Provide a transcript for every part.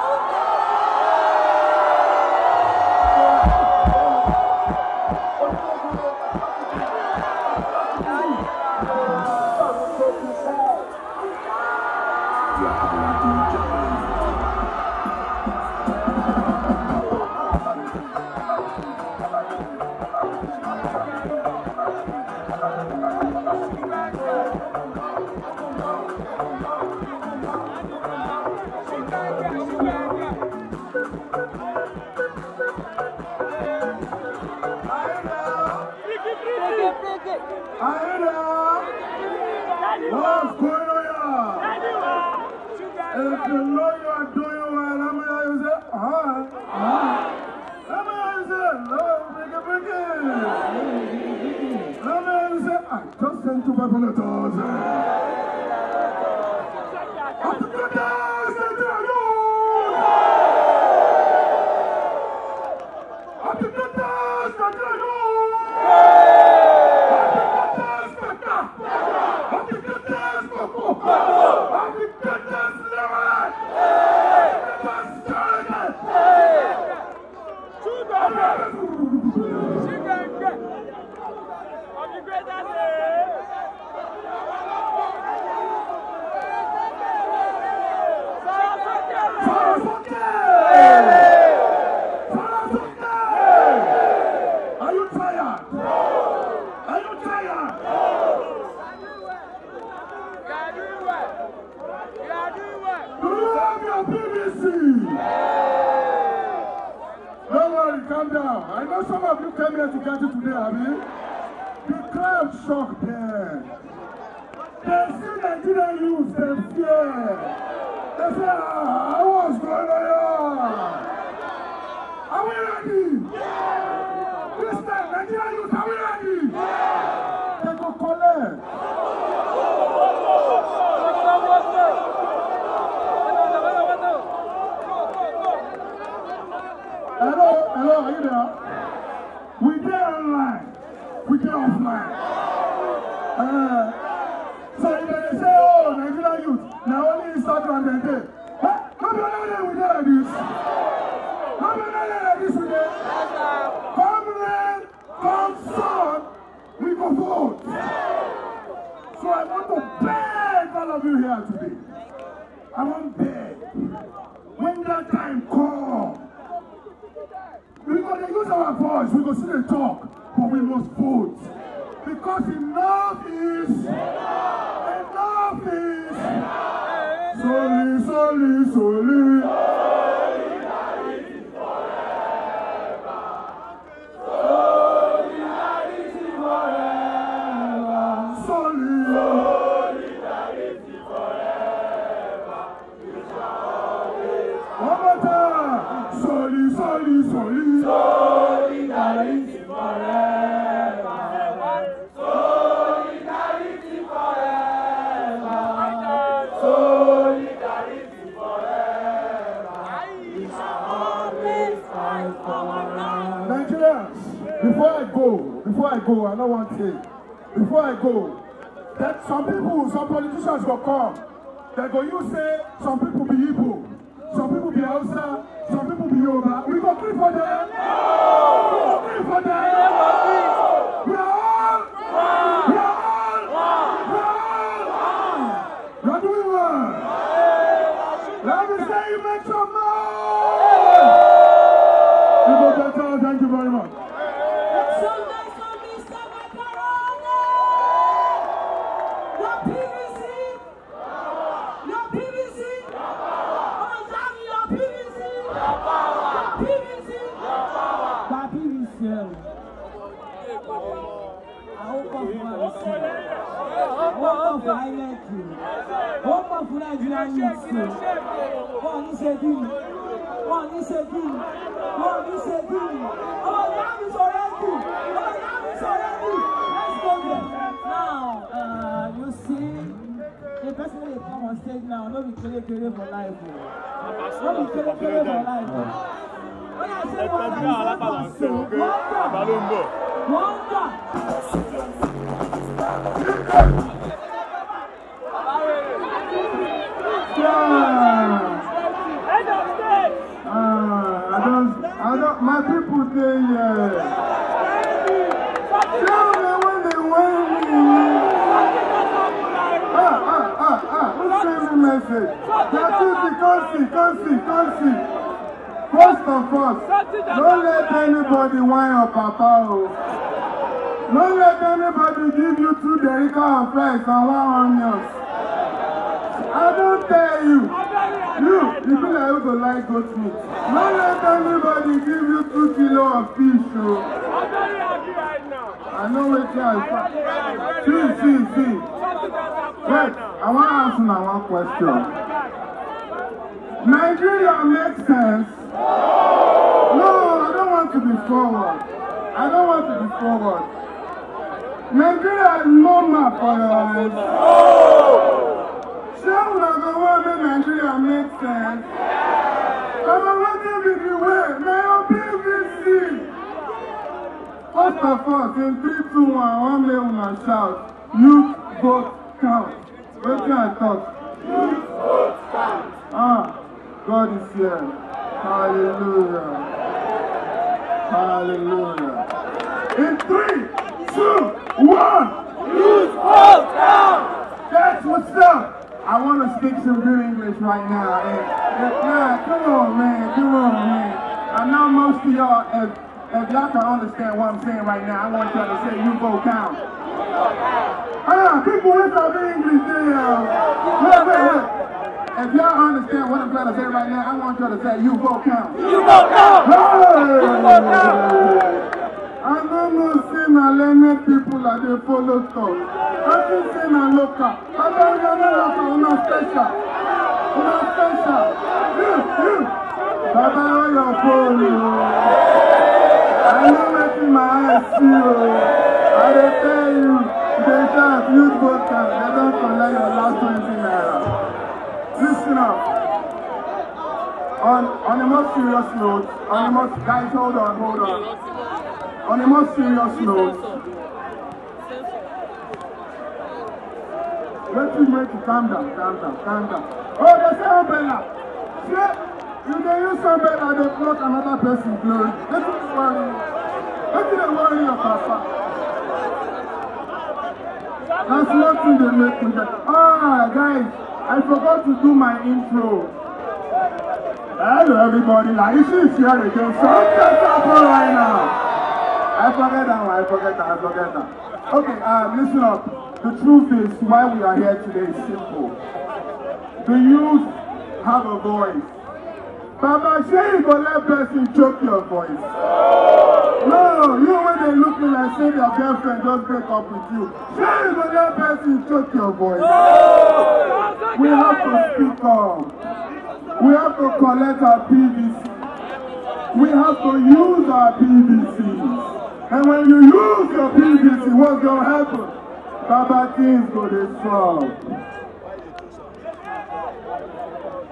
아우! 어, 네. Santo vai para a Abi. The crowd shocked them. They see Nigerian youth, they fear. They say, ah, what's going on here? Are we ready? Yeah. This time, Nigerian youth Bissoudé comme leen consort we go vote. So I want to beg all of you here today. I want to beg. When that time comes, we go dey use our voice, we go still dey talk, but we must vote. Because enough is, enough is, soli, soli, soli. Before I go, I know one thing. Before I go, that some people, some politicians will come. They go, you say, some people be evil, some people be Hausa, some people be Yoruba. We go pray for them. Nigerian youths o wọn ní ṣe bí mi wọn ní ṣe bí mi wọn ní ṣe bí mi ọmọ ìyá mi sọ̀rọ̀ ẹ̀kú ọmọ ìyá mi sọ̀rọ̀ ẹ̀kú let's go there. now uh, you see the person wey dey come on stage now no be kelekele for life o no be kelekele for life o when i say one i say one so wonder wonder. day Tell me when they win me. Ah, ah, ah, ah. Who sent me see, come see, come see. First of all, don't let anybody whine your papa. Don't let anybody give you two derica of fries and one onions. I don't tell you. You, you feel like you go like goat meat. No let anybody give you two kilo of fish. Oh. I know what you are. See, see, see. Wait, I want to ask you one question. Nigeria makes sense. No, I don't want to be forward. I don't want to be forward. Nigeria is map for your eyes. That was the one that Nigeria makes sense. Our wedding will be well. May your PVC. First of all, in 3, 2, 1, one may woman shout, Youth vote count. What can I talk? Youth vote count. Ah, God is here. Hallelujah. Hallelujah. In 3, 2, 1. speak some good English right now. And, if not, come on, man. Come on, man. I know most of y'all, if, if y'all can understand what I'm saying right now, I want y'all to say, you go count. Ah, people with some English there. If y'all understand what I'm trying to say right now, I want y'all to say, you go count. You go count. Hey. You go count. I don't know, see, now, let people like they follow thoughts. Everything I look up. I don't know special. I'm special. You, you. Baba, all your I know what in my eyes see, I tell you, they can't use both cards. They don't collect your last 20 naira. Listen up. On, on a more serious note, on a more, guys, hold on, hold on. On a more serious note, Let wetin make it calm down calm down calm down oh dey say umbrella say you dey use umbrella dey block another person glory let me worry you wetin dey worry your papa that's wetin they make me get ah guys i forgot to do my intro. Hello everybody, like you see here again, something's happening right now. I forget that one, I forget that, I forget that. Okay, um, listen up. The truth is why we are here today is simple. The youth have a voice. Baba saying, go let person choke your voice. No, you when they look me like say your girlfriend just break up with you. Shay go let person choke your voice. We have to speak up. We have to collect our PVC. We have to use our PVCs. And when you use your PVC, what's going to happen? Properties go the strong.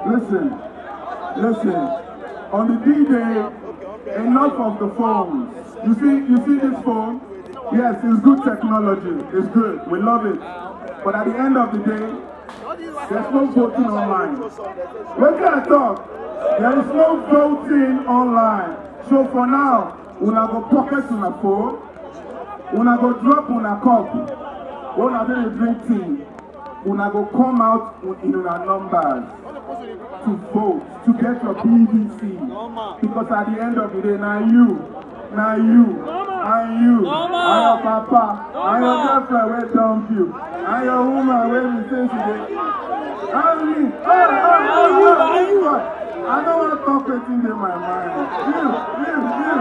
Listen, listen. On the D-Day, enough of the phones. You see, you see this phone? Yes, it's good technology. It's good. We love it. But at the end of the day, there's no voting online. Wait till I talk. There is no voting online. So for now, una go pocket una phone, una go drop una cup una no dey drink tea una go come out in una numbers to vote to get your pvc because at the end of the day na you na you na you and your papa and your girlfriend wey dump you and your woman wey be say she dey and me oh oh oh oh oh i no wan talk wetin dey my mind you you you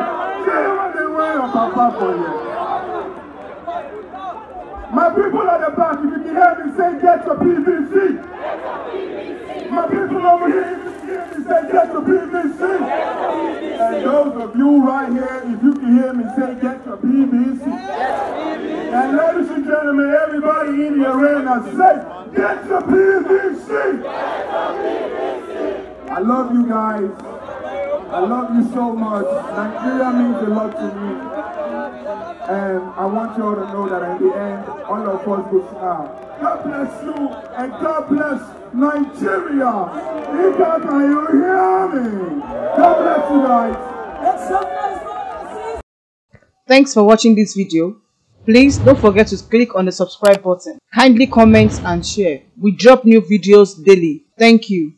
shey you wan dey wear your papa for here. people at the back, if you can hear me, say get your PVC. PVC. My people over here, if you can hear me, say get your PVC. PVC. And those of you right here, if you can hear me, say get your PVC. PVC. And ladies and gentlemen, everybody in the arena, say get your PVC. I love you guys. I love you so much. Nigeria means a lot to me. And I want you all to know that at the end, all of us will smile. God bless you and God bless Nigeria. Ika, can you hear me? God bless you guys. Thanks for watching this video. Please don't forget to click on the subscribe button. Kindly comment and share. We drop new videos daily. Thank you.